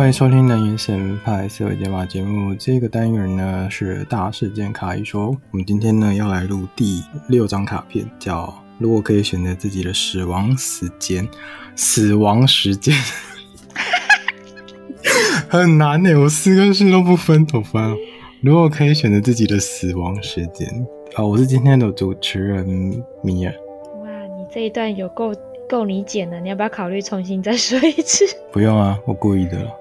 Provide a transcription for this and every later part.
歡迎收聽能櫞鹹派思維解碼節目。這個單元呢是大事件卡一說。我們今天呢要來錄第六張卡片，叫“如果可以選擇自己的死亡時間”。死亡時間 很難誒、欸，我四個字都不分頭髮。如果可以選擇自己的死亡時間，好，我是今天的主持人米爾。哇，你這一段有夠夠你剪的，你要不要考慮重新再說一次？不用啊，我故意的了。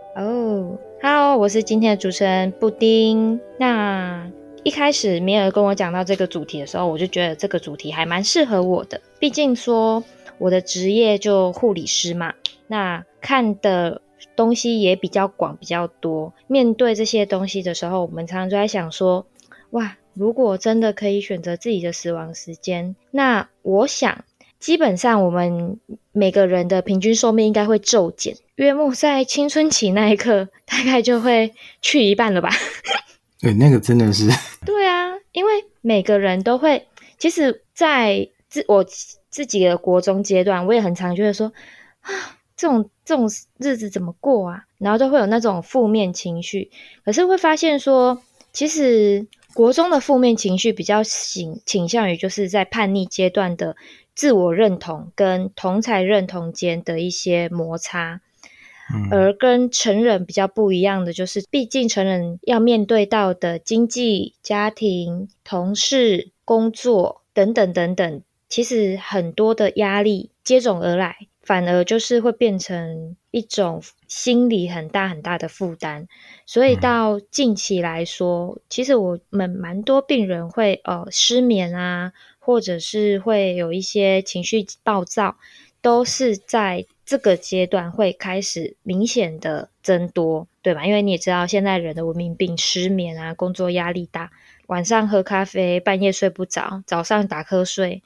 我是今天的主持人布丁。那一開始米爾跟我講到這個主題的時候，我就覺得這個主題還蠻適合我的。畢竟說我的職業就護理師嘛，那看的東西也比較廣比較多。面對這些東西的時候，我們常常就在想說：哇，如果真的可以選擇自己的死亡時間，那我想。基本上，我們每個人的平均壽命應該會驟減，約莫在青春期那一刻，大概就會去一半了吧。對、欸，那個真的是。 對啊，因為每個人都會，其實在我自己的國中階段，我也很常覺得說，啊，這種這種日子怎麼過啊？然後都會有那種負面情緒。可是會發現說，其實國中的負面情緒比較傾傾向於就是在叛逆階段的。自我認同跟同才認同間的一些摩擦，嗯、而跟成人比較不一樣的就是，畢竟成人要面對到的經濟、家庭、同事、工作等等等等，其實很多的壓力接踵而來，反而就是會變成一種心理很大很大的負擔。所以到近期來說，其實我們蠻多病人會呃失眠啊。或者是會有一些情緒暴躁，都是在這個階段會開始明顯的增多，對吧？因為你也知道，現在人的文明病，失眠啊，工作壓力大，晚上喝咖啡，半夜睡不着，早上打瞌睡。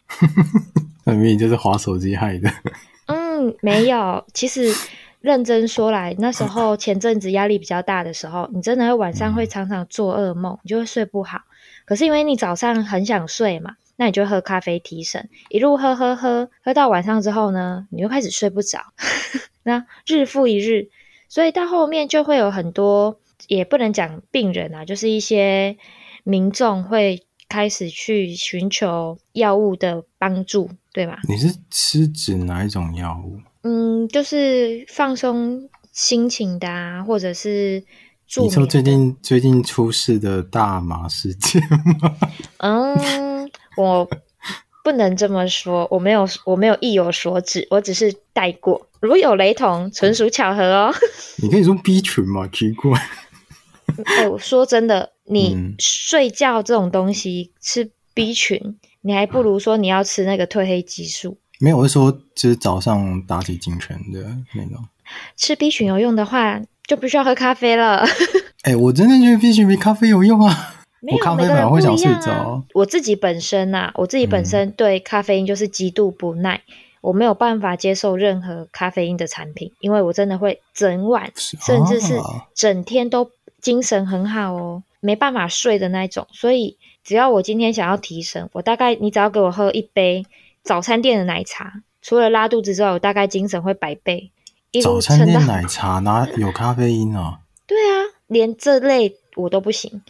那 明明就是滑手機害的。 嗯，沒有，其實認真說來，那時候前陣子壓力比較大的時候，你真的晚上會常常做噩夢，嗯、你就會睡不好。可是因為你早上很想睡嘛。那你就喝咖啡提神，一路喝喝喝，喝到晚上之後呢，你又開始睡不着。 那日復一日，所以到後面就會有很多，也不能講病人啊，就是一些民眾會開始去尋求藥物的幫助，對嗎？你是吃指哪一種藥物？嗯，就是放鬆心情的啊，或者是做。你說最近最近出事的大麻事件嗎？嗯。 Um, 我不能這麼說，我沒有，我沒有意有所指，我只是帶過，如有雷同，純屬巧合哦。嗯、你可以用 B 群嘛，奇怪。哎、 哦，我說真的，你睡覺這種東西、嗯、吃 B 群，你還不如說你要吃那個褪黑激素、啊。沒有，我是說，就是早上打起精神的那種。吃 B 群有用的話，就不需要喝咖啡了。哎、 欸，我真的覺得 B 群比咖啡有用啊。沒有，我咖啡想睡著，每個人不一樣、啊。我自己本身吶、啊，我自己本身對咖啡因就是極度不耐，嗯、我沒有辦法接受任何咖啡因的產品，因為我真的會整晚甚至是整天都精神很好哦，啊、沒辦法睡的那種。所以只要我今天想要提神，我大概你只要給我喝一杯早餐店的奶茶，除了拉肚子之外，我大概精神會百倍。因為早餐店奶茶哪有咖啡因哦？啊、對啊，連這類我都不行。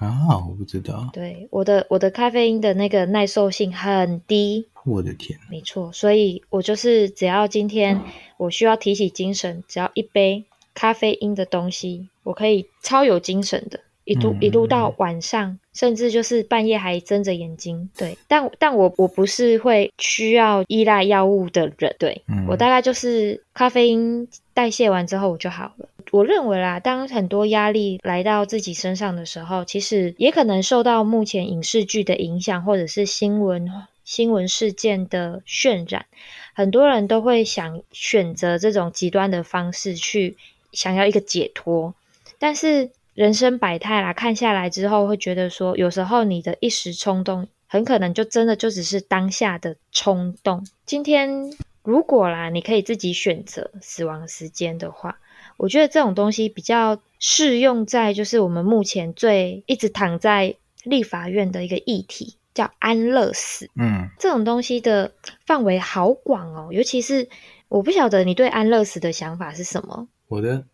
啊，我不知道。對，我的我的咖啡因的那個耐受性很低。我的天。沒錯，所以我就是只要今天我需要提起精神，嗯、只要一杯咖啡因的東西，我可以超有精神的一路、嗯嗯、一路到晚上，甚至就是半夜還睜着眼睛。對，但但我我不是會需要依賴藥物的人。對、嗯、我大概就是咖啡因代謝完之後我就好了。我認為啦，當很多壓力來到自己身上的時候，其實也可能受到目前影視劇的影響，或者是新聞新聞事件的渲染，很多人都會想選擇這種極端的方式去想要一個解脫。但是人生百態啦，看下來之後會覺得說，有時候你的一時衝動，很可能就真的就只是當下的衝動。今天如果啦，你可以自己選擇死亡時間的話。我覺得這種東西比較適用在就是我們目前最一直躺在立法院的一個議題，叫安樂死。嗯，這種東西的範圍好廣哦，尤其是我不曉得你對安樂死的想法是什麼。我的，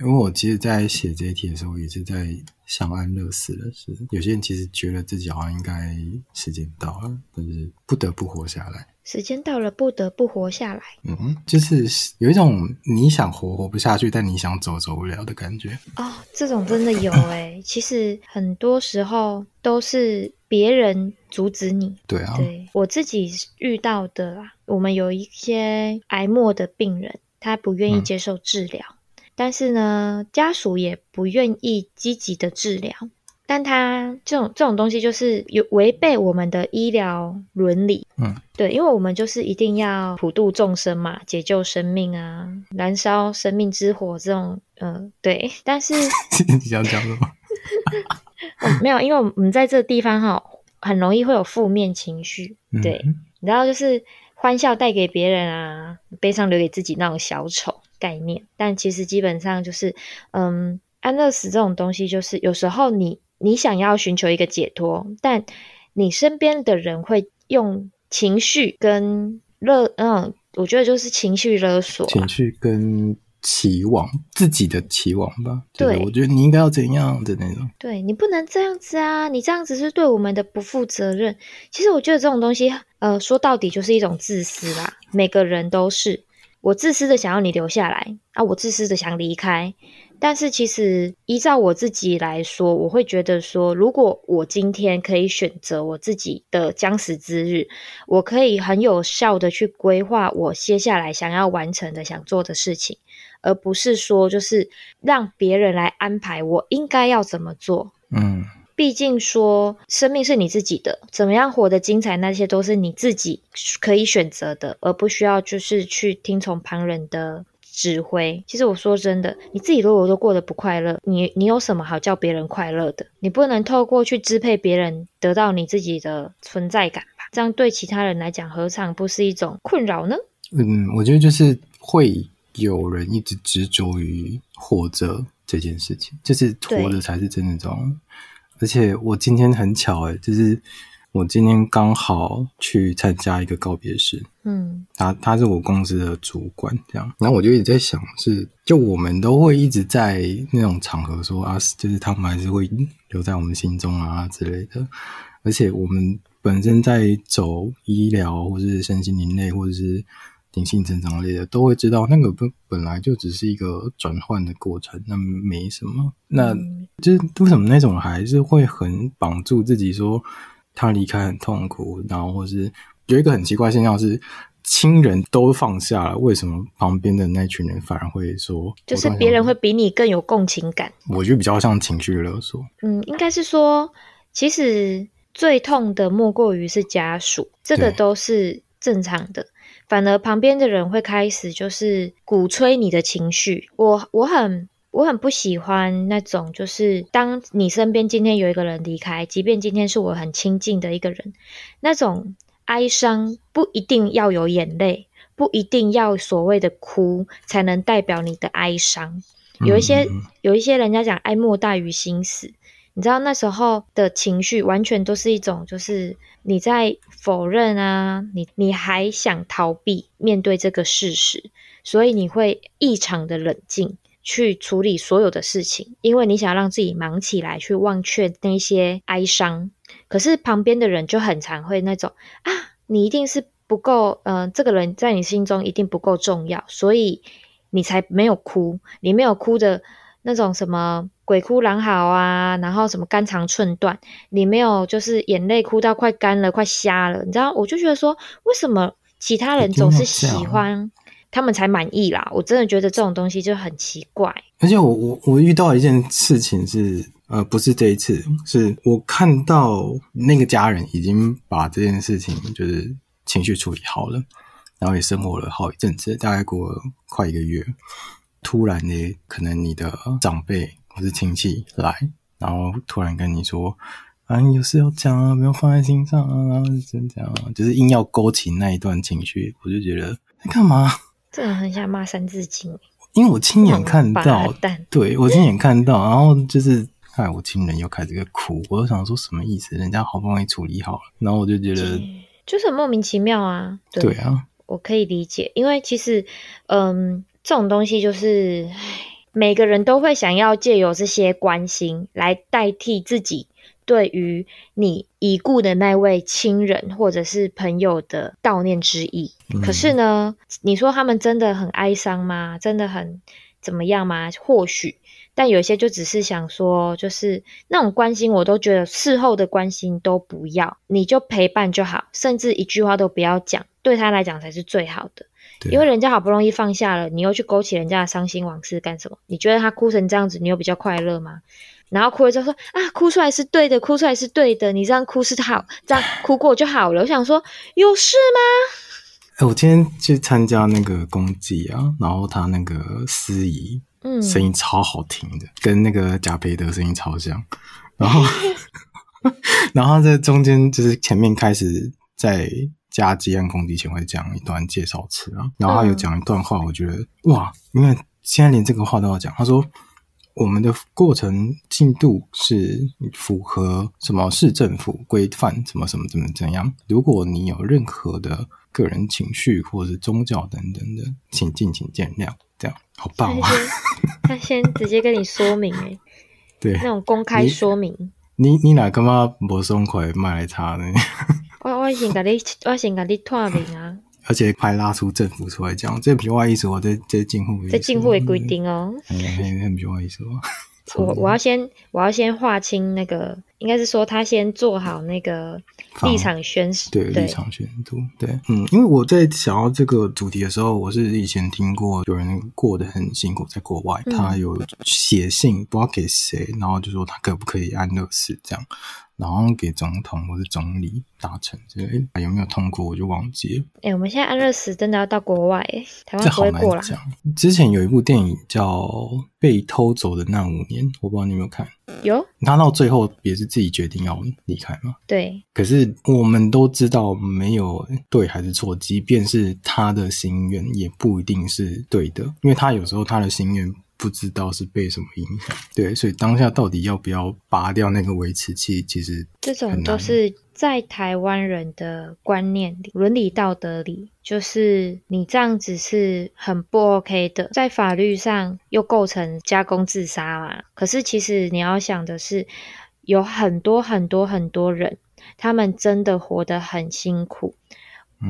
因為我其實，在寫這一題的時候，我也是在想安樂死的事。有些人其實覺得自己好像應該時間到了，但是不得不活下來。時間到了，不得不活下來。嗯，就是有一種你想活活不下去，但你想走走不了的感覺哦，這種真的有哎、欸， 其實很多時候都是別人阻止你。對啊，對我自己遇到的啦、啊，我們有一些癌末的病人，他不願意接受治療，嗯、但是呢，家屬也不願意積極的治療。但他這種這種東西就是有違背我們的醫療倫理。嗯，對，因為我們就是一定要普度眾生嘛，解救生命啊，燃燒生命之火這種，嗯、呃，對。但是 你要講什麼、？ 呃、沒有，因為我們我們在這個地方哈，很容易會有負面情緒。對，嗯、然後就是歡笑帶給別人啊，悲傷留給自己那種小丑概念。但其實基本上就是，嗯，安樂死這種東西，就是有時候你你想要尋求一個解脫，但你身邊的人會用。情緒跟勒，嗯，我覺得就是情緒勒索。情緒跟期望，自己的期望吧。對，我覺得你應該要怎樣的那種。對，你不能這樣子啊！你這樣子是對我們的不負責任。其實我覺得這種東西，呃，說到底就是一種自私啦。每個人都是。我自私的想要你留下來啊！我自私的想離開，但是其實依照我自己來說，我會覺得說，如果我今天可以選擇我自己的將死之日，我可以很有效的去規劃我接下來想要完成的、想做的事情，而不是說就是讓別人來安排我應該要怎麼做。嗯。畢竟說，生命是你自己的，怎麼樣活得精彩，那些都是你自己可以選擇的，而不需要就是去聽從旁人的指揮。其實我說真的，你自己如果都過得不快樂，你你有什麼好叫別人快樂的？你不能透過去支配別人，得到你自己的存在感吧？這樣對其他人來講，何嘗不是一種困擾呢？嗯，我覺得就是會有人一直執着於活着這件事情，就是活着才是真的種。中而且我今天很巧誒、欸，就是我今天剛好去參加一個告別式，嗯，他他是我公司的主管，這樣，然後我就也在想是，是就我們都會一直在那種場合說啊，就是他們還是會留在我們心中啊之類的，而且我們本身在走醫療或者是身心靈類或者是。靈性成長類的都會知道，那個本本來就只是一個轉換的過程，那沒什麼。那就是為什麼那種還是會很綁住自己，說他離開很痛苦，然後或是有一個很奇怪現象是，親人都放下了，為什麼旁邊的那群人反而會說，就是別人會比你更有共情感？我覺得比較像情緒勒索。嗯，應該是說，其實最痛的莫過於是家屬，這個都是正常的。反而旁邊的人會開始就是鼓吹你的情緒，我我很我很不喜歡那種，就是當你身邊今天有一個人離開，即便今天是我很親近的一個人，那種哀傷不一定要有眼淚，不一定要所謂的哭才能代表你的哀傷，有一些有一些人家講哀莫大於心死。你知道那時候的情緒完全都是一種，就是你在否認啊，你你還想逃避面對這個事實，所以你會異常的冷靜去處理所有的事情，因為你想要讓自己忙起來去忘卻那些哀傷。可是旁邊的人就很常會那種啊，你一定是不夠，嗯、呃，這個人在你心中一定不夠重要，所以你才沒有哭，你沒有哭的那種什麼。鬼哭狼嚎啊，然後什麼肝腸寸斷，你沒有，就是眼淚哭到快乾了，快瞎了。你知道，我就覺得說，為什麼其他人總是喜歡他們才滿意啦？我真的覺得這種東西就很奇怪。而且我，我我我遇到一件事情是，呃，不是這一次，是我看到那個家人已經把這件事情就是情緒處理好了，然後也生活了好一陣子，大概過了快一個月，突然呢，可能你的長輩。我的親戚來，然後突然跟你說，啊，你有事要講啊，不要放在心上啊，然後就這樣啊，就是硬要勾起那一段情緒，我就覺得、哎、幹嘛？真的很想罵《三字經》，因為我親眼看到，對我親眼看到，然後就是，哎，我親人又開始哭，我就想說什麼意思？人家好不容易處理好了，然後我就覺得就是很莫名其妙啊，對，對啊，我可以理解，因為其實，嗯，這種東西就是。每個人都會想要借由這些關心來代替自己對於你已故的那位親人或者是朋友的悼念之意。嗯。可是呢，你說他們真的很哀傷嗎？真的很怎麼樣嗎？或許，但有些就只是想說，就是那種關心，我都覺得事後的關心都不要，你就陪伴就好，甚至一句話都不要講，對他來講才是最好的。因為人家好不容易放下了，你又去勾起人家的傷心往事幹什麼？你覺得他哭成這樣子，你又比較快樂嗎？然後哭了之後說啊，哭出來是對的，哭出來是對的，你這樣哭是好，這樣哭過就好了。 我想說，有事嗎？欸、我今天去參加那個公祭啊，然後他那個司儀，聲音超好聽的，嗯、跟那個賈培德聲音超像，然後 然後在中間就是前面開始在。加基安工地前會講一段介紹詞啊，然後他有講一段話，我覺得、嗯、哇，因為現在連這個話都要講。他說我們的過程進度是符合什麼市政府規範，什麼什麼怎麼怎樣。如果你有任何的個人情緒或者是宗教等等的，請敬請見諒。這樣好棒啊！ 他先直接跟你說明 對那種公開說明。你你，你，你哪幹嘛？莫松奎賣他呢？ 我先跟你，我先跟你脫面啊！而且快拉出政府出來講，這另外意思、哦，我這這禁貨，這進貨的規定哦。外、嗯、意思、哦，我我要先，我要先劃清那個，應該是說他先做好那個立場宣示。對，對立場宣讀。對，嗯，因為我在想要這個主題的時候，我是以前聽過有人過得很辛苦，在國外，嗯、他有寫信，不知道給誰，然後就說他可不可以安樂死這樣。然後給總統或者總理達成，就哎有沒有通過我就忘記。哎、欸，我們現在安樂死真的要到國外，台灣不會過了。之前有一部電影叫《被偷走的那五年》，我不知道你有沒有看？有，他到最後也是自己決定要離開嘛。對。可是我們都知道沒有對還是錯，即便是他的心願也不一定是對的，因為他有時候他的心願。不知道是被什麼影響，對，所以當下到底要不要拔掉那個維持器，其實這種都是在台灣人的觀念裡，倫理道德里，就是你這樣子是很不 OK 的，在法律上又構成加工自殺嘛。可是其實你要想的是，有很多很多很多人，他們真的活得很辛苦。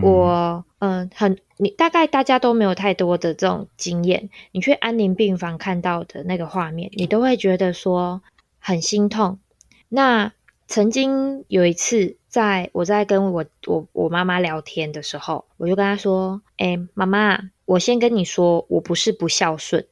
我嗯，很，你大概，大家都沒有太多的這種經驗，你去安寧病房看到的那個畫面，你都會覺得說很心痛。那曾經有一次，在我在跟我我我媽媽聊天的時候，我就跟她說：“誒，媽媽，我先跟你說，我不是不孝順，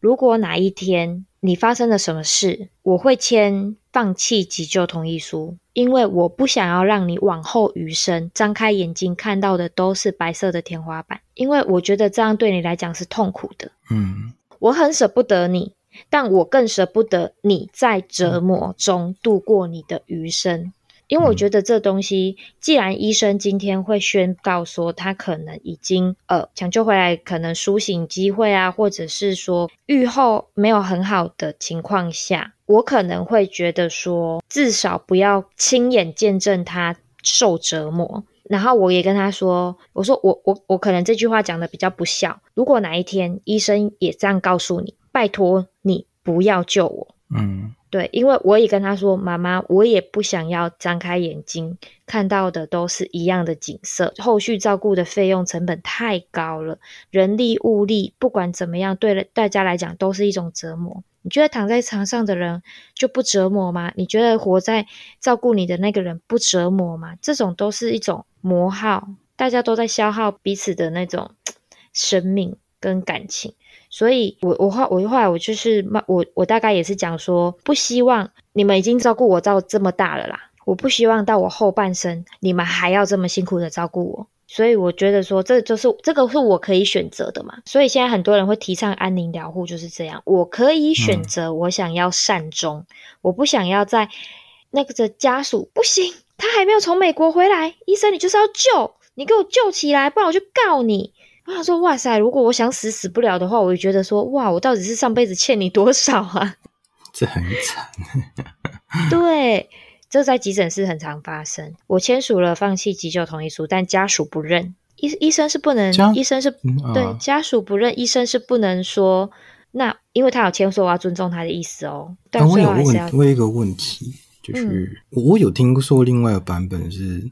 如果哪一天……”你發生了什麼事，我會簽放棄急救同意書，因為我不想要讓你往後餘生張開眼睛看到的都是白色的天花板，因為我覺得這樣對你來講是痛苦的。嗯，我很捨不得你，但我更捨不得你在折磨中度過你的餘生。因為我覺得這東西，既然醫生今天會宣告說他可能已經呃搶救回來，可能甦醒機會啊，或者是說預後沒有很好的情況下，我可能會覺得說至少不要親眼見證他受折磨。然後我也跟他說，我說我我我可能這句話講得比較不孝。如果哪一天醫生也這樣告訴你，拜托你不要救我。嗯。對，因為我也跟他說，媽媽，我也不想要張開眼睛看到的都是一樣的景色。後續照顧的費用成本太高了，人力物力不管怎麼樣，對了大家來講都是一種折磨。你覺得躺在床上的人就不折磨嗎？你覺得活在照顧你的那個人不折磨嗎？這種都是一種磨耗，大家都在消耗彼此的那種生命跟感情。所以我，我我後我後來我就是，我我大概也是講說，不希望你們已經照顧我到這麼大了啦，我不希望到我後半生你們還要這麼辛苦的照顧我。所以我覺得說，這就是這個是我可以選擇的嘛。所以現在很多人會提倡安寧療護，就是這樣，我可以選擇我想要善終，嗯、我不想要在那個的家屬不行，他還沒有從美國回來，醫生你就是要救，你給我救起來，不然我就告你。他說：“哇塞，如果我想死死不了的話，我就覺得說哇，我到底是上輩子欠你多少啊？這很慘。 ”對，這在急診室很常發生。我簽署了放棄急救同意書，但家屬不認。醫醫生是不能，家醫生是、嗯、對、嗯、家屬不認，醫生是不能說。嗯、那因為他有簽署，我要尊重他的意思哦。但是，啊、我有問問一個問題，就是、嗯、我有聽說另外一個版本是，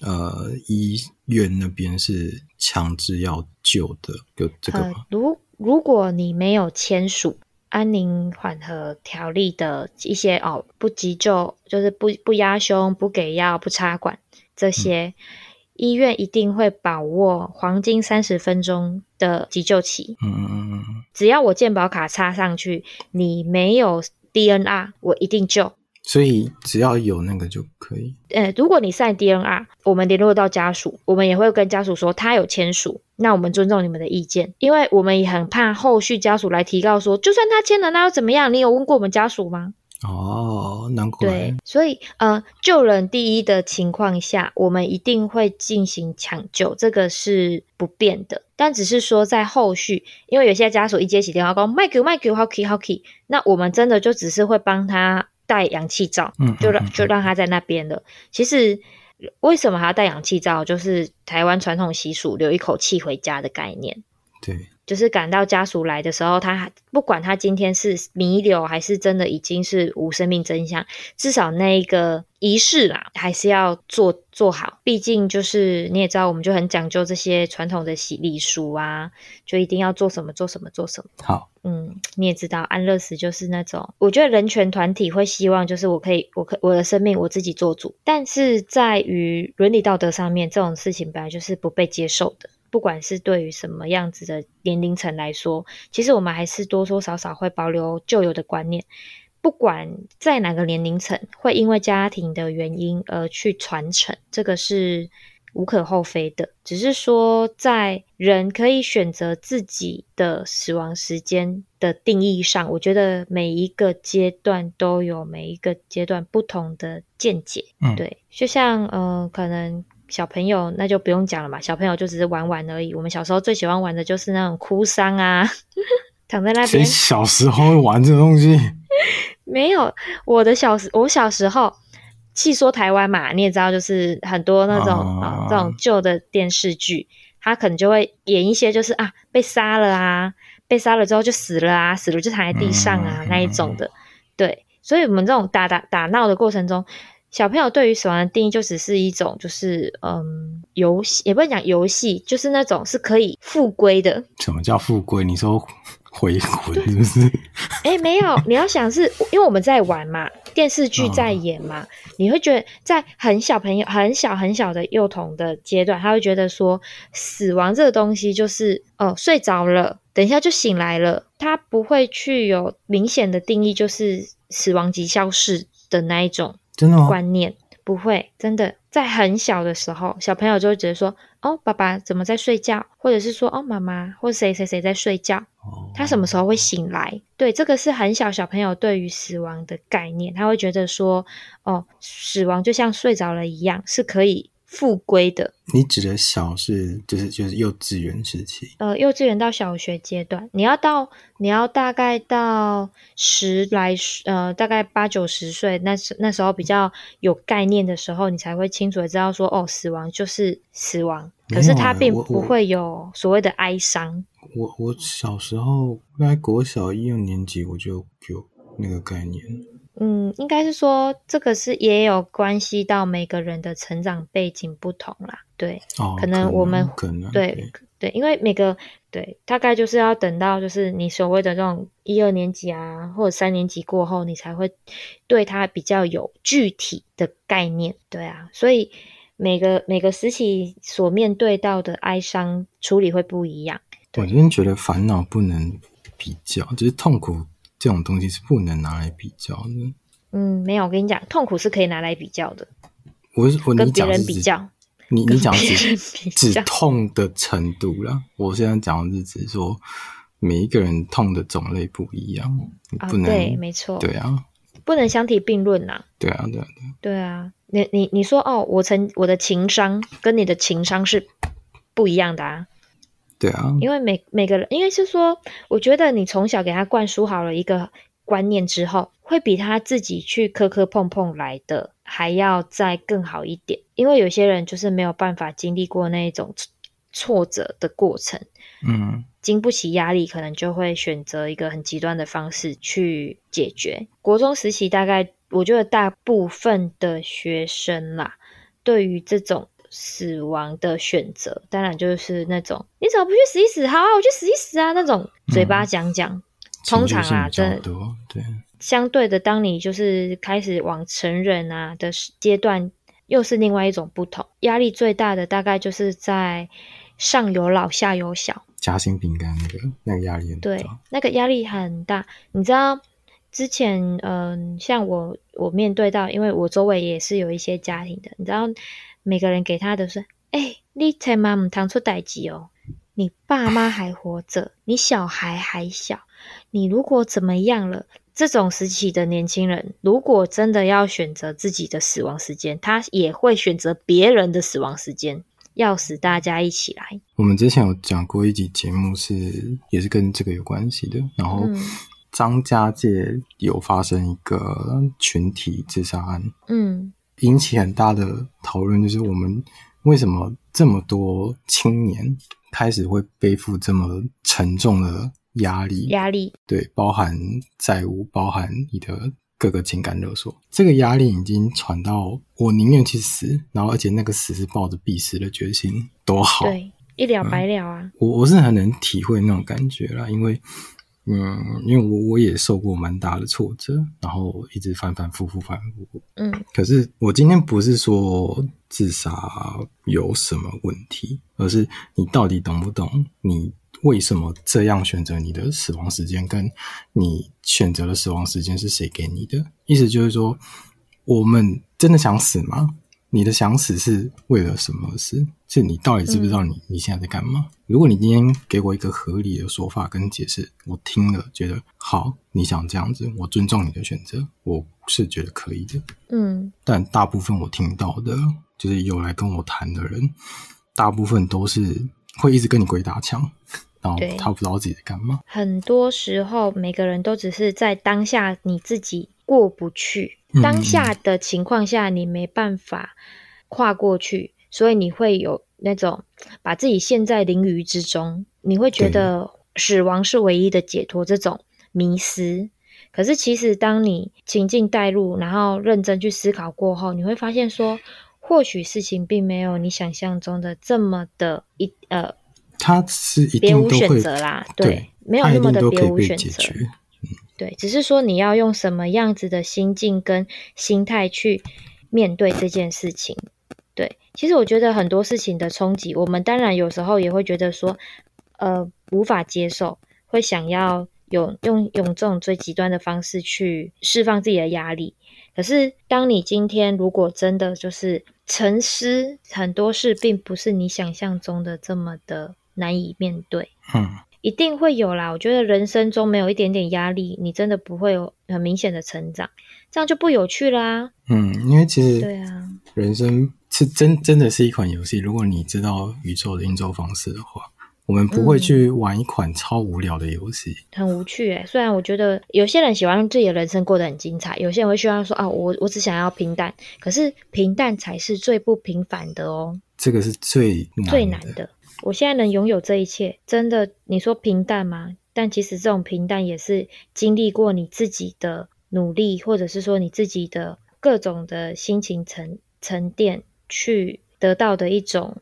呃，醫院那邊是強制要救的，就這個吧、呃、如如果你沒有簽署安寧緩和條例的一些哦，不急救就是不不壓胸、不給藥、不插管這些，嗯、醫院一定會把握黃金三十分鐘的急救期。嗯嗯嗯，只要我健保卡插上去，你沒有 DNR，我一定救。所以只要有那個就可以。呃、欸，如果你上 DNR，我們聯絡到家屬，我們也會跟家屬說他有簽署，那我們尊重你們的意見，因為我們也很怕後續家屬來提告說，就算他簽了，那又怎麼樣？你有問過我們家屬嗎？哦，難怪。對，所以呃，救人第一的情況下，我們一定會進行搶救，這個是不變的。但只是說在後續，因為有些家屬一接起電話說，說麥救，麥救，好去，好去，那我們真的就只是會幫他。戴氧氣罩，就讓就讓他在那邊了。嗯嗯嗯嗯、其實為什麼還要戴氧氣罩，就是台灣傳統習俗留一口氣回家的概念。對。就是趕到家屬來的時候，他還不管他今天是彌留還是真的已經是無生命真相，至少那一個儀式啦，還是要做做好。畢竟就是你也知道，我們就很講究這些傳統的習禮俗啊，就一定要做什麼做什麼做什麼。什麼好，嗯，你也知道安樂死就是那種，我覺得人權團體會希望就是我可以我可我的生命我自己做主，但是在於倫理道德上面，這種事情本來就是不被接受的。不管是對於什麼樣子的年齡層來說，其實我們還是多多少少會保留舊有的觀念。不管在哪個年齡層，會因為家庭的原因而去傳承，這個是無可厚非的。只是說，在人可以選擇自己的死亡時間的定義上，我覺得每一個階段都有每一個階段不同的見解。嗯，對，就像呃，可能。小朋友那就不用講了嘛，小朋友就只是玩玩而已。我們小時候最喜歡玩的就是那種哭喪啊，躺在那邊。誰小時候會玩這東西？ 沒有，我的小時我小時候，戲說台灣嘛，你也知道，就是很多那種啊、uh 哦，這種舊的電視劇，他可能就會演一些就是啊被殺了啊，被殺了之後就死了啊，死了就躺在地上啊、uh、那一種的。對，所以我們這種打打打鬧的過程中。小朋友對於死亡的定義就只是一種，就是嗯，遊戲，也不能講遊戲，就是那種是可以復歸的。什麼叫復歸？你說回魂是不是？哎、欸，沒有， 你要想是因為我們在玩嘛，電視劇在演嘛，嗯、你會覺得在很小朋友很小很小的幼童的階段，他會覺得說死亡這個東西就是哦、呃，睡着了，等一下就醒來了，他不會去有明顯的定義，就是死亡即消失的那一種。真的觀念不會真的，在很小的時候，小朋友就會覺得說，哦，爸爸怎麼在睡覺，或者是說，哦，媽媽或誰誰誰在睡覺，他什麼時候會醒來？對，這個是很小小朋友對於死亡的概念，他會覺得說，哦，死亡就像睡着了一樣，是可以。復歸的，你指的小是就是就是幼稚園時期，呃，幼稚園到小學階段，你要到你要大概到十來，呃，大概八九十歲，那那時候比較有概念的時候，你才會清楚知道說，哦，死亡就是死亡，可是他並不會有所謂的哀傷。我我小時候在國小一二年級，我就有那個概念。嗯，應該是說這個是也有關係到每個人的成長背景不同啦，對，哦、可能我們可能，對對，對，因為每個對，大概就是要等到就是你所謂的這種一二年級啊，或者三年級過後，你才會對他比較有具體的概念，對啊，所以每個每個時期所面對到的哀傷處理會不一樣。對，我真的覺得煩惱不能比較，就是痛苦。這種東西是不能拿來比較的。嗯，沒有，我跟你講，痛苦是可以拿來比較的。我是不能跟別人比較。你你講的是指痛的程度啦。我現在講的是指說，每一個人痛的種類不一樣，不能、啊、對，沒錯，對啊，不能相提並論吶、啊。對啊，對啊，對啊。你你你說哦，我曾我的情商跟你的情商是不一樣的啊。對啊，因為每每個人，應該是說，我覺得你從小給他灌輸好了一個觀念之後，會比他自己去磕磕碰碰來的還要再更好一點。因為有些人就是沒有辦法經歷過那種挫折的過程，嗯，經不起壓力，可能就會選擇一個很極端的方式去解決。國中時期，大概我覺得大部分的學生啦，啊，對於這種。死亡的選擇，當然就是那種，你怎麼不去死一死？好啊，我去死一死啊！那種嘴巴講講，嗯、通常啊，這對相對的，當你就是開始往成人啊的階段，又是另外一種不同。壓力最大的大概就是在上有老下有小，夾心餅乾那個那個壓力很大，對那個壓力很大。你知道之前，嗯，像我我面對到，因為我周圍也是有一些家庭的，你知道。每個人給他的說：“哎、欸，你猜媽媽當出代志哦，你爸媽還活着，唉你小孩還小，你如果怎麼樣了？這種時期的年輕人，如果真的要選擇自己的死亡時間，他也會選擇別人的死亡時間，要死大家一起來。”我們之前有講過一集節目，是也是跟這個有關係的。然後張家界有發生一個群體自殺案嗯，嗯。引起很大的討論，就是我們為什麼這麼多青年開始會背負這麼沉重的壓力？壓力對，包含債務，包含你的各個情感勒索，這個壓力已經傳到我寧願去死，然後而且那個死是抱着必死的決心，多好，對，一了百了啊！我、嗯、我是很能體會那種感覺啦，因為。嗯，因為我我也受過蠻大的挫折，然後一直反反复复，反反复复。嗯，可是我今天不是說自殺有什麼問題，而是你到底懂不懂？你為什麼這樣選擇你的死亡時間？跟你選擇的死亡時間是誰給你的？意思就是說，我們真的想死嗎？你的想死是為了什麼事？是你到底知不知道你你現在在幹嘛？嗯、如果你今天給我一個合理的說法跟解釋，我聽了覺得好，你想這樣子，我尊重你的選擇，我是覺得可以的。嗯，但大部分我聽到的，就是有來跟我談的人，大部分都是會一直跟你鬼打牆，然後他不知道自己在幹嘛。很多時候，每個人都只是在當下你自己。過不去，當下的情況下你沒辦法跨過去，嗯、所以你會有那種把自己陷在囹圄之中，你會覺得死亡是唯一的解脫對這種迷思，可是其實當你情境帶入，然後認真去思考過後，你會發現說，或許事情並沒有你想象中的這麼的一，一呃，他是一定都會別無選擇啦，對，沒有那麼的別無選擇。對，只是說你要用什麼樣子的心境跟心態去面對這件事情。對，其實我覺得很多事情的衝擊，我們當然有時候也會覺得說，呃，無法接受，會想要有用用這種最極端的方式去釋放自己的壓力。可是，當你今天如果真的就是沉思，很多事並不是你想象中的這麼的難以面對。嗯。一定會有啦！我覺得人生中沒有一點點壓力，你真的不會有很明顯的成長，這樣就不有趣啦。嗯，因為其實對啊，人生是真真的是一款遊戲。如果你知道宇宙的運作方式的話，我們不會去玩一款超無聊的遊戲。嗯，很無趣哎，欸！雖然我覺得有些人喜歡自己的人生過得很精彩，有些人會希望說啊，我我只想要平淡。可是平淡才是最不平凡的哦。這個是最最難的。我現在能擁有這一切，真的，你說平淡嗎？但其實這種平淡也是經歷過你自己的努力，或者是說你自己的各種的心情沉沉澱，去得到的一種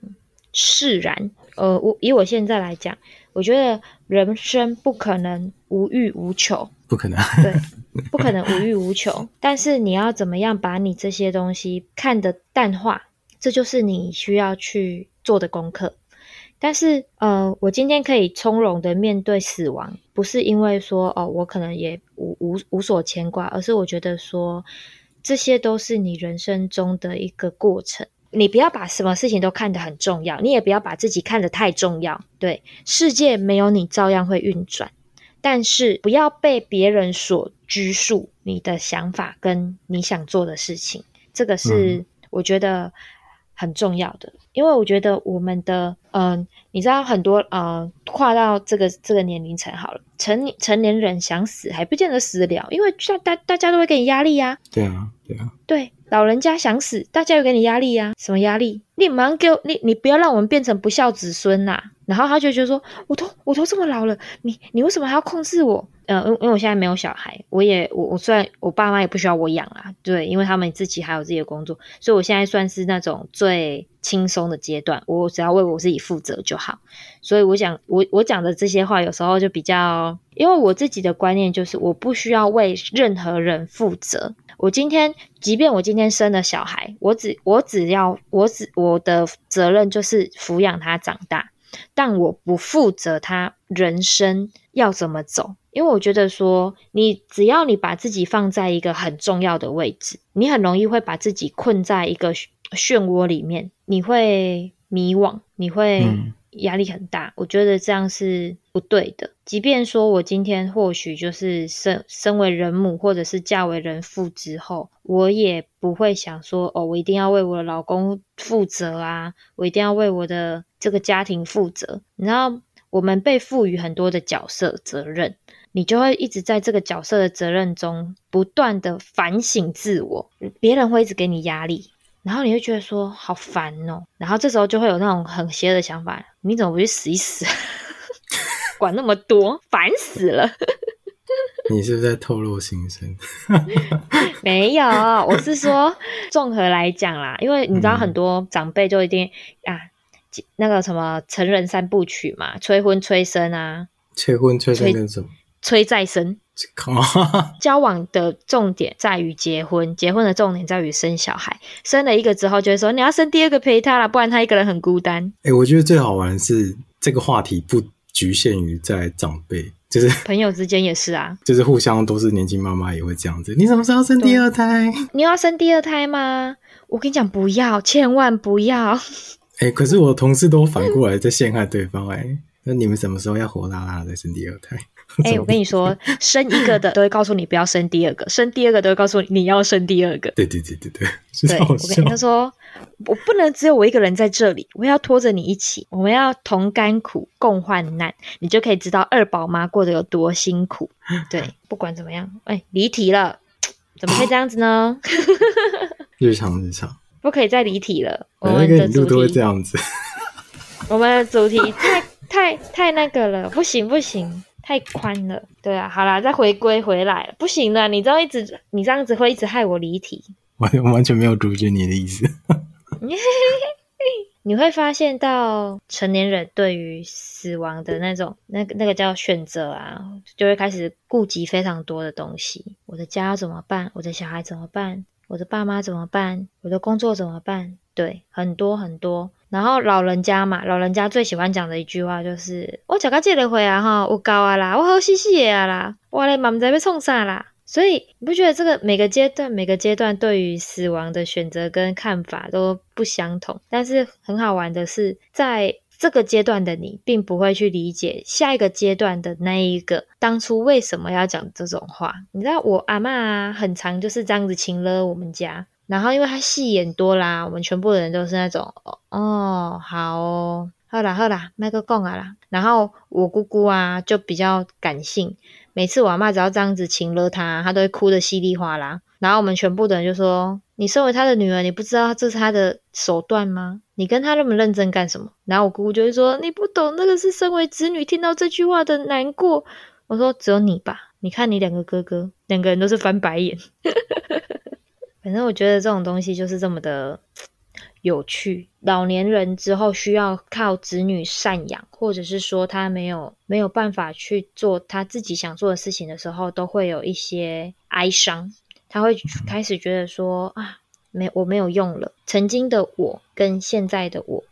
釋然。呃，我以我現在來講，我覺得人生不可能無欲無求，不可能，對，不可能無欲無求。 但是你要怎麼樣把你這些東西看得淡化，這就是你需要去做的功課。但是，呃，我今天可以從容的面對死亡，不是因為說，哦，我可能也無無無所牽掛，而是我覺得說，這些都是你人生中的一個過程。你不要把什麼事情都看得很重要，你也不要把自己看得太重要。對，世界沒有你照樣會運轉，但是不要被別人所拘束，你的想法跟你想做的事情，這個是我覺得。很重要的，因為我覺得我們的，嗯、呃，你知道很多嗯、呃、跨到這個這個年齡層好了，成年成年人想死還不見得死得了，因為像大家大家都會給你壓力呀、啊，對啊，對啊，對，老人家想死，大家又給你壓力呀、啊，什麼壓力？你忙給我，你你不要讓我們變成不孝子孫吶、啊。然後他就覺得說，我都我都這麼老了，你你為什麼還要控制我？嗯，因、呃、因為我現在沒有小孩，我也我我雖然我爸媽也不需要我養啦、啊，對，因為他們自己還有自己的工作，所以我現在算是那種最輕鬆的階段，我只要為我自己負責就好。所以我想我我講的這些話有時候就比較，因為我自己的觀念就是我不需要為任何人負責。我今天即便我今天生了小孩，我只我只要我只我的責任就是撫養他長大，但我不負責他人生要怎麼走。因為我覺得說，你只要你把自己放在一個很重要的位置，你很容易會把自己困在一個漩渦裡面，你會迷惘，你會壓力很大。我覺得這樣是不對的。嗯。即便說我今天或許就是身身為人母，或者是嫁為人父之後，我也不會想說哦，我一定要為我的老公負責啊，我一定要為我的這個家庭負責。你知道，我們被賦予很多的角色責任。你就會一直在這個角色的責任中不斷的反省自我，別人會一直給你壓力，然後你會覺得說好煩哦、喔，然後這時候就會有那種很邪惡的想法，你怎麼不去死一死？ 管那麼多，煩死了！ 你是不是在透露心聲？ 沒有，我是說綜合來講啦，因為你知道很多長輩就一定、嗯、啊，那個什麼成人三部曲嘛，催婚催生啊，催婚催生那種。催再生。Come on. 交往的重點在於結婚，結婚的重點在於生小孩。生了一個之後，就會說你要生第二個陪他啦，不然他一個人很孤單。哎、欸，我覺得最好玩的是這個話題不局限於在長輩，就是朋友之間也是啊，就是互相都是年輕媽媽也會這樣子。你什麼時候要生第二胎？你要生第二胎嗎？我跟你講，不要，千萬不要。哎、欸，可是我同事都反過來在陷害對方哎、欸，嗯、那你們什麼時候要火辣辣的生第二胎？哎，我跟你說，生一個的都會告訴你不要生第二個，生第二個都會告訴你你要生第二個。對對對對對。對，我跟他說，我不能只有我一個人在這裡，我要拖着你一起，我們要同甘苦、共患難，你就可以知道二寶媽過得有多辛苦。對，不管怎麼樣，哎，離題了，怎麼會這樣子呢？日常日常， 不可以再離題了。我們的主題都會這樣子。 我們的主題太太太那個了，不行不行。太寬了，對啊，好啦，再回歸回來，不行了，你這樣一直，你這樣子會一直害我離體，完完全沒有阻止你的意思。 你會發現到成年人對於死亡的那種，那那個叫選擇啊，就會開始顧及非常多的東西。我的家要怎麼辦？我的小孩怎麼辦？我的爸媽怎麼辦？我的工作怎麼辦？對，很多很多。然後老人家嘛，老人家最喜歡講的一句話就是：“我腳剛借了回啊哈，我高啊啦，我好細謝阿啦，哇嘞媽媽在被沖散啦。”所以你不覺得這個每個階段、每個階段對於死亡的選擇跟看法都不相同？但是很好玩的是，在這個階段的你，並不會去理解下一個階段的那一個當初為什麼要講這種話。你知道我阿嬤、啊、很常就是這樣子情了，我們家。然後，因為他戲演多啦，我們全部的人都是那種哦，好哦，好啦，好啦，賣個供啊啦。然後我姑姑啊，就比較感性，每次我阿嬤只要這樣子親了他，他都會哭得稀里嘩啦。然後我們全部的人就說：“你身為他的女兒，你不知道這是他的手段嗎？你跟他那麼認真幹什麼？”然後我姑姑就會說：“你不懂，那個是身為子女聽到這句話的難過。”我說：“只有你吧，你看你兩個哥哥，兩個人都是翻白眼。” 反正我覺得這種東西就是這麼的有趣。老年人之後需要靠子女贍養，或者是說他沒有沒有辦法去做他自己想做的事情的時候，都會有一些哀傷。他會開始覺得說啊，沒，我沒有用了。曾經的我跟現在的我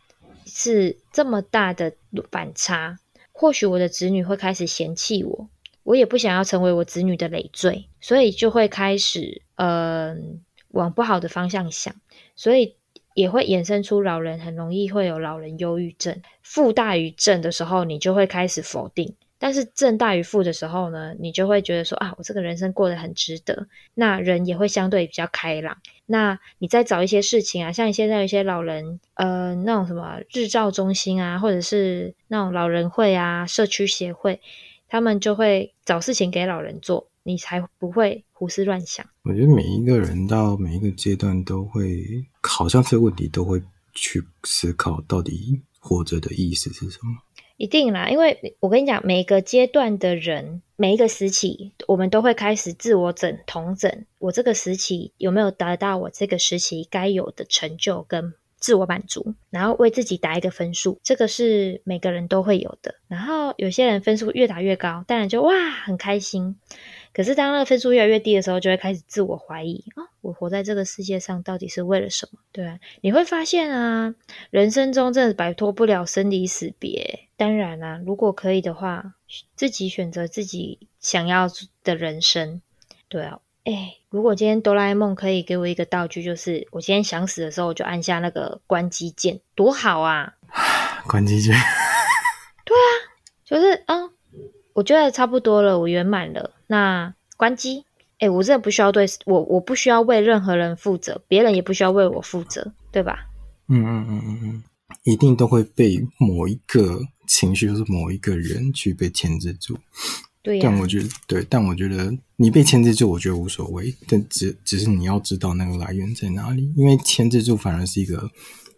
是這麼大的反差。或許我的子女會開始嫌棄我，我也不想要成為我子女的累贅，所以就會開始嗯。呃往不好的方向想，所以也會衍生出老人很容易會有老人憂鬱症，負大於正的時候，你就會開始否定；但是正大於負的時候呢，你就會覺得說啊，我這個人生過得很值得，那人也會相對比較開朗。那你再找一些事情啊，像現在有一些老人，呃，那種什麼日照中心啊，或者是那種老人會啊、社區協會，他們就會找事情給老人做。你才不會胡思亂想。我覺得每一個人到每一個階段都會，好像這個問題都會去思考，到底活着的意思是什麼？一定啦，因為我跟你講，每一個階段的人，每一個時期，我們都會開始自我整、同整，我這個時期有沒有達到我這個時期該有的成就跟自我滿足，然後為自己打一個分數，這個是每個人都會有的。然後有些人分數越打越高，當然就哇，很開心。可是當那個分數越來越低的時候，就會開始自我懷疑啊、哦！我活在這個世界上到底是為了什麼？對，啊，你會發現啊，人生中真的擺脫不了生離死別。當然啦、啊，如果可以的話，自己選擇自己想要的人生。對啊，哎、欸，如果今天哆啦 A 夢可以給我一個道具，就是我今天想死的時候，我就按下那個關機鍵，多好啊！關機鍵。 對啊，就是啊、嗯，我覺得差不多了，我圓滿了。那關機，哎、欸，我真的不需要對我，我不需要為任何人負責，別人也不需要為我負責，對吧？嗯嗯嗯嗯嗯，一定都會被某一個情緒或是某一個人去被牽制住。對、啊，但我覺得對，但我覺得你被牽制住，我覺得無所謂。但只只是你要知道那個來源在哪裡，因為牽制住反而是一個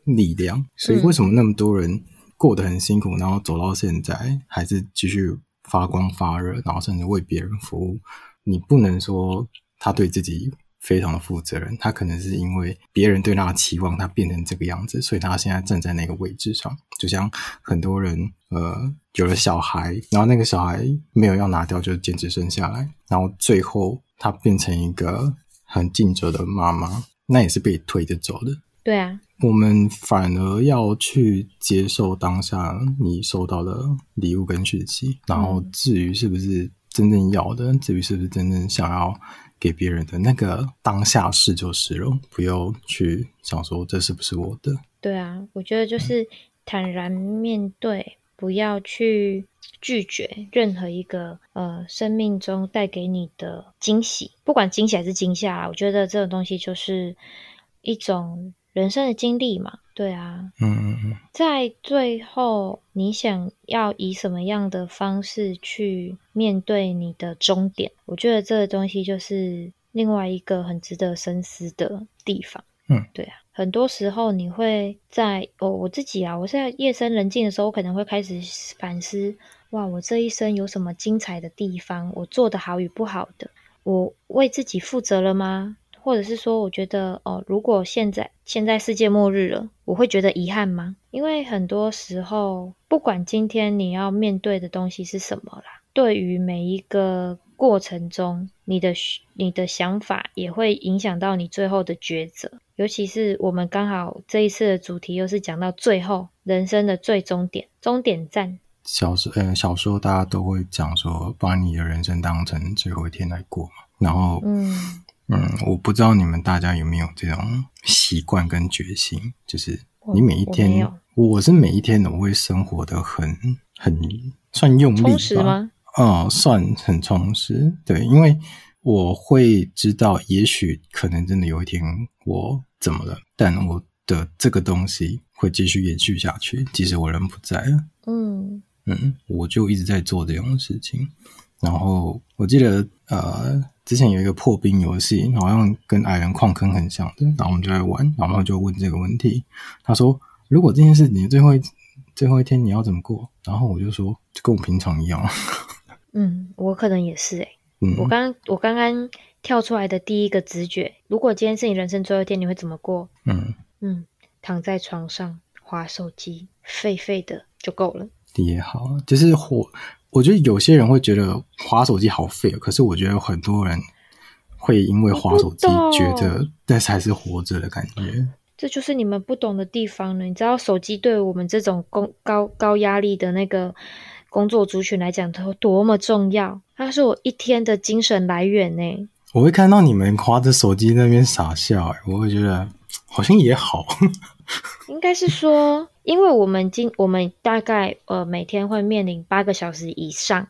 力量。所以為什麼那麼多人過得很辛苦，嗯、然後走到現在還是繼續？發光發熱，然後甚至為別人服務，你不能說他對自己非常的負責任。他可能是因為別人對他的期望，他變成這個樣子，所以他現在站在那個位置上。就像很多人呃有了小孩，然後那個小孩沒有要拿掉，就是堅持生下來，然後最後他變成一個很盡責的媽媽，那也是被推着走的。對啊。我們反而要去接受當下你收到的禮物跟訊息，然後至於是不是真正要的，嗯、至於是不是真正想要給別人的，那個當下是就是了，不要去想說這是不是我的。對啊，我覺得就是坦然面對，嗯、不要去拒絕任何一個呃生命中帶給你的驚喜，不管驚喜還是驚嚇，我覺得這種東西就是一種。人生的經歷嘛，對啊，嗯嗯嗯，在最後，你想要以什麼樣的方式去面對你的終點？我覺得這個東西就是另外一個很值得深思的地方。嗯，對啊，很多時候你會在，我、哦、我自己啊，我在夜深人靜的時候，我可能會開始反思，哇，我這一生有什麼精彩的地方？我做的好與不好的，我為自己負責了嗎？或者是說，我覺得哦，如果現在現在世界末日了，我會覺得遺憾嗎？因為很多時候，不管今天你要面對的東西是什麼啦，對於每一個過程中，你的你的想法也會影響到你最後的抉擇。尤其是我們剛好這一次的主題又是講到最後人生的最終點，終點站。小時，呃，小時候大家都會講說，把你的人生當成最後一天來過嘛，然後嗯。嗯，我不知道你們大家有沒有這種習慣跟決心？就是你每一天，我，我，我是每一天，我會生活得很很算用力，吧？充實嗎？嗯，算很充實，對，因為我會知道，也許可能真的有一天我怎麼了，但我的這個東西會繼續延續下去，即使我人不在了，嗯嗯，我就一直在做這種事情，然後我記得呃……之前有一個破冰遊戲，好像跟矮人礦坑很像的，然後我們就來玩，然後就問這個問題。他說：“如果這件事你最後一最後一天你要怎麼過？”然後我就說：“就跟我平常一樣。 ”嗯，我可能也是哎、欸。嗯，我剛我剛剛跳出來的第一個直覺，如果今天是你人生最後一天，你會怎麼過？嗯嗯，躺在床上滑手機，廢廢的就夠了。你也好，就是火。我覺得有些人會覺得滑手機好廢，可是我覺得很多人會因為滑手機覺得，那才是活着的感覺。這就是你們不懂的地方呢？你知道手機對我們這種工高高壓力的那個工作族群來講，它有多麼重要？它是我一天的精神來源呢。我會看到你們滑着手機那邊傻笑、欸，我會覺得好像也好。 應該是說。因為我們今我們大概呃每天會面臨八個小時以上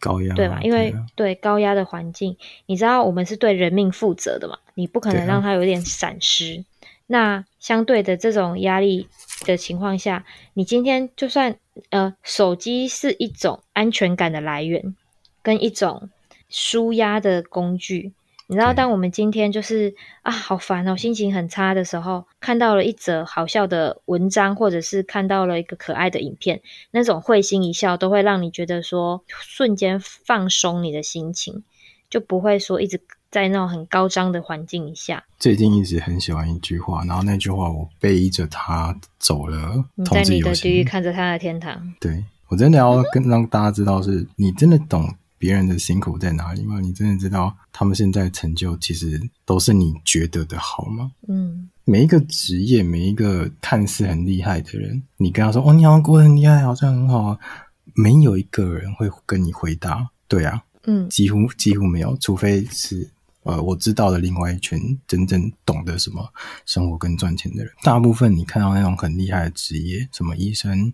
高壓、啊，對吧？因為對、啊、對高壓的環境，你知道我們是對人命負責的嘛？你不可能讓它有點閃失。啊、那相對的這種壓力的情況下，你今天就算呃，手機是一種安全感的來源，跟一種舒壓的工具。你知道，當對我們今天就是啊，好煩哦，心情很差的時候，看到了一則好笑的文章，或者是看到了一個可愛的影片，那種會心一笑，都會讓你覺得說，瞬間放鬆你的心情，就不會說一直在那種很高張的環境下。最近一直很喜歡一句話，然後那句話我背着他走了。你在你的地獄看着他的天堂。你你天堂對，我真的要跟讓大家知道是，是 你真的懂，別人的辛苦在哪裡嗎？你真的知道他們現在成就其實都是你覺得的好嗎？嗯，每一個職業，每一個看似很厲害的人，你跟他說：“哦，你好像過得很厲害，好像很好。”沒有一個人會跟你回答。對啊，嗯，幾乎幾乎沒有，除非是呃，我知道的另外一群真正懂得什麼生活跟賺錢的人。大部分你看到那種很厲害的職業，什麼醫生、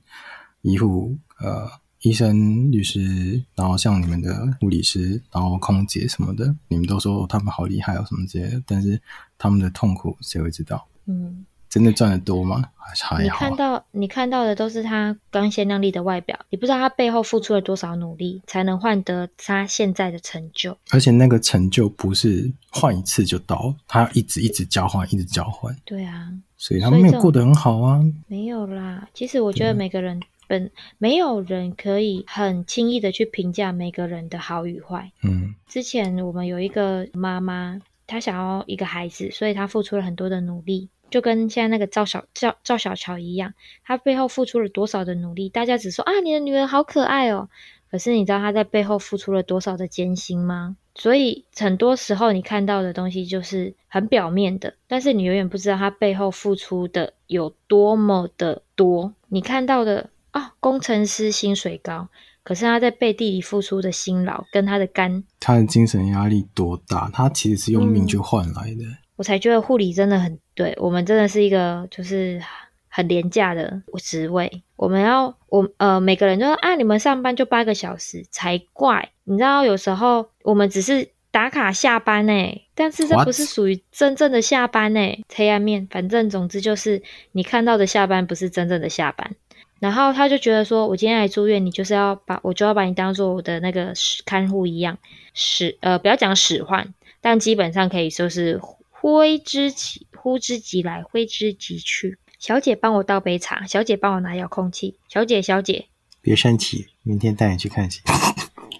醫護，呃。醫生、律師，然後像你們的護理師，然後空姐什麼的，你們都說他們好厲害，哦，什麼之類的。但是他們的痛苦，誰會知道？嗯，真的賺得多嗎？還是還好。你看到你看到的都是他光鮮亮麗的外表，你不知道他背後付出了多少努力，才能換得他現在的成就。而且那個成就不是換一次就到，他要一直一直、嗯、一直交換，一直交換。對啊。所以他們沒有過得很好啊。沒有啦，其實我覺得每個人、嗯。本沒有人可以很輕易的去評價每個人的好與壞。嗯，之前我們有一個媽媽，她想要一個孩子，所以她付出了很多的努力，就跟現在那個趙小趙趙小喬一樣，她背後付出了多少的努力，大家只說，啊，你的女兒好可愛哦，可是你知道她在背後付出了多少的艱辛嗎？所以很多時候你看到的東西就是很表面的，但是你永遠不知道她背後付出的有多麼的多，你看到的。啊、哦，工程師薪水高，可是他在背地裡付出的辛勞跟他的肝，他的精神壓力多大？他其實是用命去換來的、嗯。我才覺得護理真的很，對，我們真的是一個就是很廉價的職位。我們要我呃，每個人就說啊，你們上班就八個小時才怪！你知道有時候我們只是打卡下班誒，但是這不是屬於真正的下班誒 What? 黑暗面。反正總之就是你看到的下班不是真正的下班。然後他就覺得說，我今天來住院，你就是要把我就要把你當做我的那個使看護一樣使呃，不要講使喚，但基本上可以說是揮之即揮之即來，揮之即去。小姐幫我倒杯茶，小姐幫我拿遙控器，小姐小姐，別生氣，明天帶你去看戲。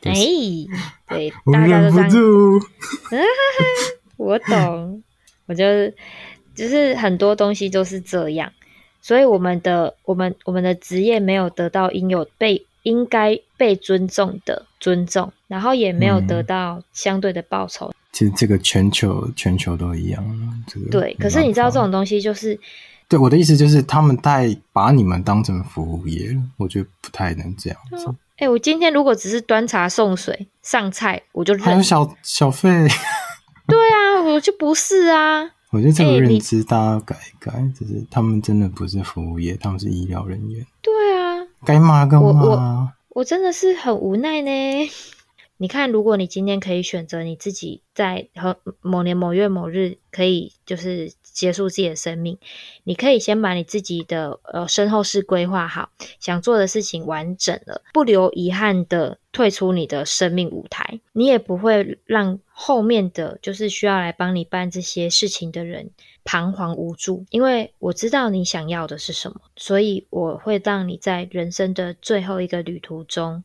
起哎，對，大家都這樣嗯， 哈哈，我懂，我就是就是很多東西都是這樣。所以我們的我們我們的職業沒有得到應有被應該被尊重的尊重，然後也沒有得到相對的報酬。嗯，其實這個全球全球都一樣。這個對，可是你知道這種東西就是，對，我的意思就是他們太把你們當成服務業，我覺得不太能這樣子。哎，嗯欸，我今天如果只是端茶送水上菜，我就還有小小費。 對啊，我就不是啊。我覺得這個認知大家改一改，就、欸、是他們真的不是服務業，他們是醫療人員。對啊，該罵更罵，我真的是很無奈呢。 你看，如果你今天可以選擇，你自己在和某年某月某日可以就是。結束自己的生命，你可以先把你自己的呃身後事規劃好，想做的事情完整了，不留遺憾的退出你的生命舞台，你也不會讓後面的就是需要來幫你辦這些事情的人彷徨無助，因為我知道你想要的是什麼，所以我會讓你在人生的最後一個旅途中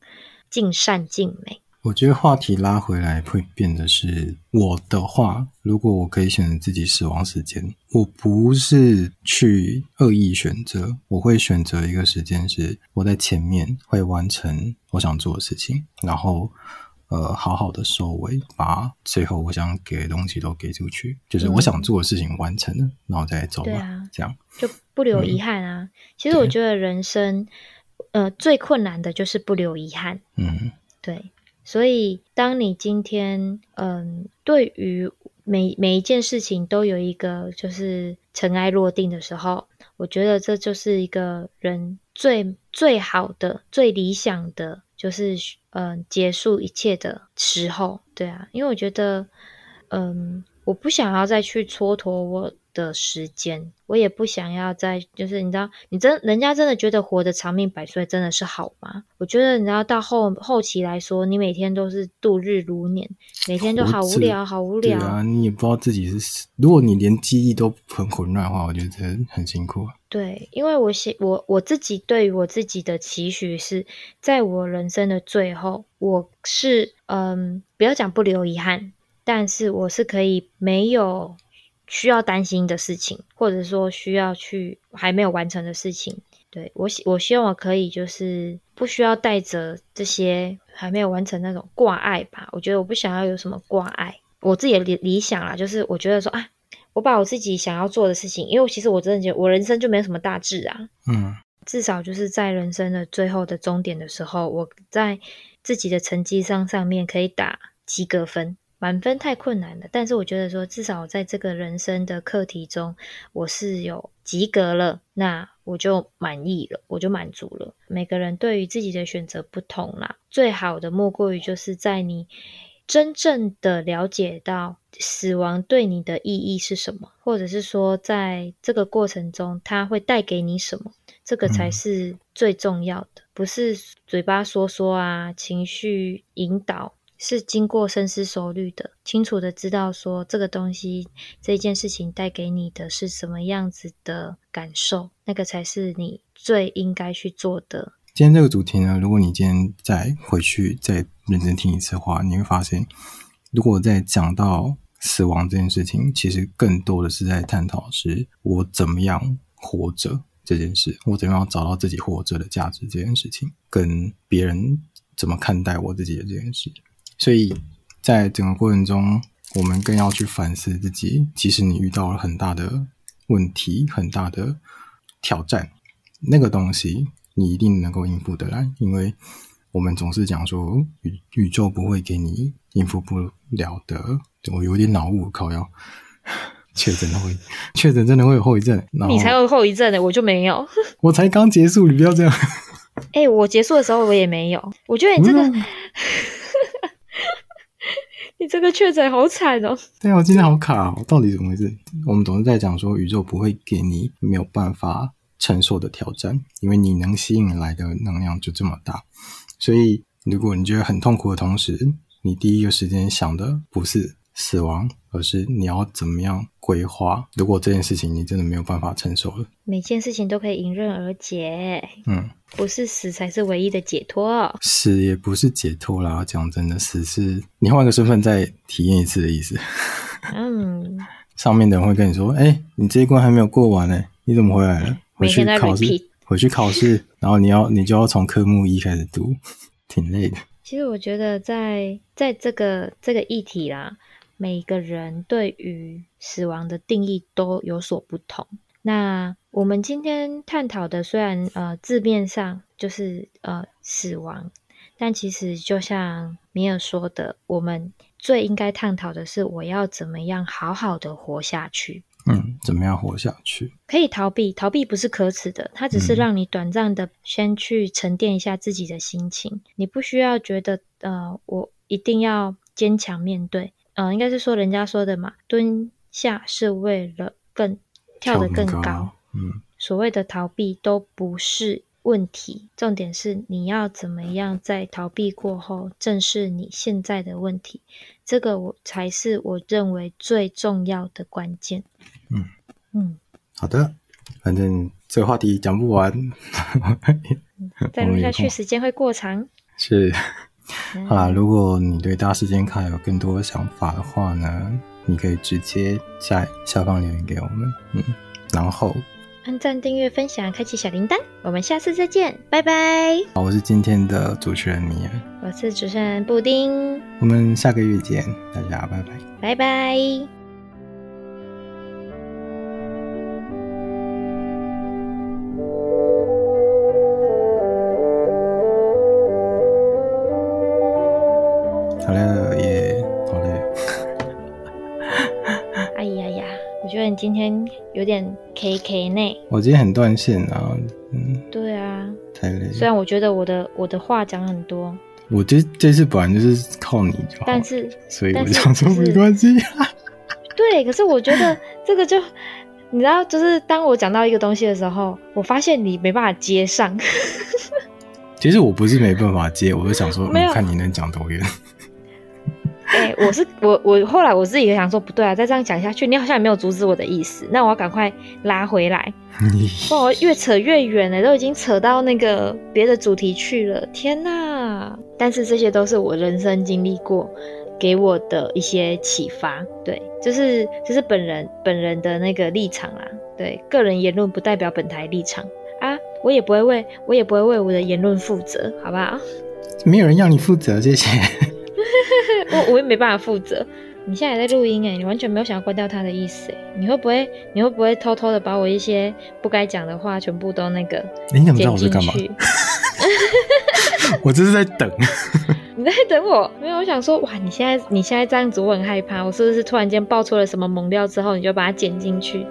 盡善盡美。我覺得話題拉回來會變得是我的話，如果我可以選擇自己死亡時間，我不是去惡意選擇，我會選擇一個時間是我在前面會完成我想做的事情，然後呃好好的收尾，把最後我想給的東西都給出去，就是我想做的事情完成了，嗯、然後再走了，對、啊、這樣就不留遺憾啊。嗯、其實我覺得人生呃最困難的就是不留遺憾，嗯，對。所以，當你今天，嗯，對於每每一件事情都有一個就是塵埃落定的時候，我覺得這就是一個人最最好的、最理想的就是，嗯，結束一切的時候。對啊，因為我覺得，嗯，我不想要再去蹉跎我。的時間，我也不想要在，就是你知道，你真人家真的覺得活得長命百歲真的是好嗎？我覺得你知道到後後期來說，你每天都是度日如年，每天都好無聊，著好無聊。對啊，你也不知道自己是，如果你連記憶都很混亂的話，我覺得很辛苦啊。對，因為我寫我我自己對於我自己的期許是，在我人生的最後，我是嗯，不要講不留遺憾，但是我是可以沒有。需要擔心的事情，或者說需要去還沒有完成的事情，對，我希我希望我可以就是不需要帶着這些還沒有完成那種掛礙吧。我覺得我不想要有什麼掛礙。我自己的理理想啦、啊，就是我覺得說啊，我把我自己想要做的事情，因為我其實我真的覺得我人生就沒有什麼大志啊。嗯，至少就是在人生的最後的終點的時候，我在自己的成績上上面可以打及格分。滿分太困難了，但是我覺得說至少我在這個人生的課題中，我是有及格了，那我就滿意了，我就滿足了。每個人對於自己的選擇不同啦，最好的莫過於就是在你真正的了解到死亡對你的意義是什麼，或者是說在這個過程中它會帶給你什麼，這個才是最重要的，不是嘴巴說說啊，情緒引導。是經過深思熟慮的，清楚的知道說這個東西，這件事情帶給你的是什麼樣子的感受，那個才是你最應該去做的。今天這個主題呢，如果你今天再回去再認真聽一次話，你會發現，如果再講到死亡這件事情，其實更多的是在探討是，我怎麼樣活着這件事，我怎麼樣找到自己活着的價值這件事情，跟別人怎麼看待我自己的這件事。所以在整個過程中，我們更要去反思自己。其實你遇到了很大的問題，很大的挑戰，那個東西你一定能夠應付得來。因為我們總是講說，宇宇宙不會給你應付不了的。我有點腦霧，靠要確診會 確診真的會有後遺症？你才有後遺症呢，我就沒有。我才剛結束，你不要這樣。哎、欸，我結束的時候我也沒有。我覺得你這個。嗯你這個雀仔好慘哦！對啊、哦，我今天好卡哦，到底怎麼回事？我們總是在講說，宇宙不會給你沒有辦法承受的挑戰，因為你能吸引來的能量就這麼大。所以，如果你覺得很痛苦的同時，你第一個時間想的不是死亡。可是你要怎麼樣規劃？如果這件事情你真的沒有辦法承受了，每件事情都可以迎刃而解。嗯，不是死才是唯一的解脫，死也不是解脫啦。講真的，死是你換個身份再體驗一次的意思。 嗯，上面的人會跟你說：“哎、欸，你這一關還沒有過完呢，你怎麼回來了？”回去考試，回去考試，然後你要你就要從科目一開始讀，挺累的。其實我覺得在，在在這個這個議題啦。每一個人對於死亡的定義都有所不同。那我們今天探討的，雖然呃字面上就是呃死亡，但其實就像米爾說的，我們最應該探討的是我要怎麼樣好好的活下去。嗯，怎麼樣活下去？可以逃避，逃避不是可恥的，它只是讓你短暫的先去沉澱一下自己的心情。嗯，你不需要覺得呃我一定要堅強面對。嗯，應該是說人家說的嘛，蹲下是為了更跳得更高。高，嗯，所謂的逃避都不是問題，重點是你要怎麼樣在逃避過後正視你現在的問題，這個我才是我認為最重要的關鍵。嗯嗯，嗯，好的，反正這個話題講不完， 再錄下去時間會過長。是。好啦，嗯，如果你對大事件卡有更多想法的話呢，你可以直接在下方留言給我們，嗯，然後，按贊、訂閱、分享、開啟小鈴鐺，我們下次再見，拜拜。好，我是今天的主持人米兒，我是主持人布丁，我們下個月見，大家拜拜，拜拜。所以你今天有點 KK 呢？我今天很斷線，然後，嗯，對啊，太累。雖然我覺得我的我的話講很多，我這這次本來就是靠你，但是，所以我想說是沒關係。實 對，可是我覺得這個就，你知道，就是當我講到一個東西的時候，我發現你沒辦法接上。 其實我不是沒辦法接，我是想說有、嗯，看你能講多遠。 hey, 我是我我後來我自己也想說不對啊，再這樣講下去，你好像也沒有阻止我的意思，那我要趕快拉回來。不，我越扯越遠了，都已經扯到那個別的主題去了。天哪！但是這些都是我人生經歷過，給我的一些啟發。對，就是就是本人本人的那個立場啦。對，個人言論不代表本台立場啊，我也不會為我也不會為我的言論負責，好不好？沒有人要你負責這些。謝謝我我也沒辦法負責。你現在也在錄音哎，你完全沒有想要關掉它的意思哎。你會不會你會不會偷偷的把我一些不該講的話全部都那個剪進去？欸，你怎麼知道我在幹嘛？ 我這是在等， 你在等我？沒有，我想說哇，你現在你現在這樣子，我很害怕，我是不是突然間爆出了什麼猛料之後，你就把它剪進去？